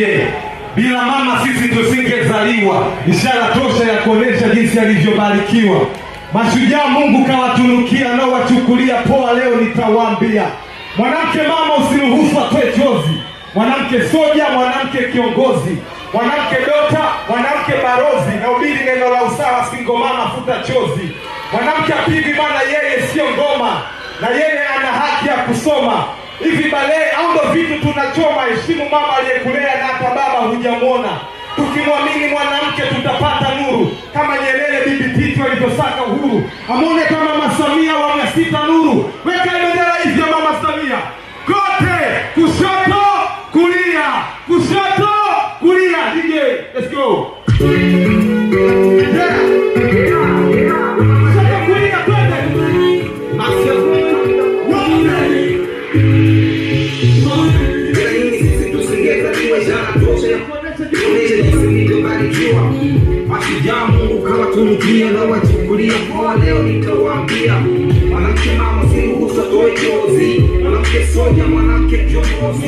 yeye. Bila mama sisi tusingezaliwa, ishara tosha ya kuonesha jinsi alivyobarikiwa. Mashujaa Mungu kawatunukia, nao wachukulia poa. Leo nitawaambia mwanamke, mama, usiruhusu atoe chozi. Mwanamke soja, mwanamke kiongozi, mwanamke dota, mwanamke barozi. Nahubiri neno la usawa, singo mama, futa chozi. Mwanamke apigi, maana yeye siyo ngoma, na yeye ana haki ya kusoma hivi bale au ndo vitu tunachoma. Heshimu mama aliyekulea na hata baba hujamwona. Tukimwamini mwanamke tutapata nuru kama Nyerere, Bibi Titi walivyosaka uhuru. Amone kama masamia wa nuru, weka bendera hizi ya Mama Samia kote, kushoto kulia, kushoto kulia. DJ, let's go. Washujaa Mungu kama turudia na wachukulia poa. Leo nitawaambia mwanamke mama, usiruhusu atoe chozi. Mwanamke soja, mwanamke kiongozi.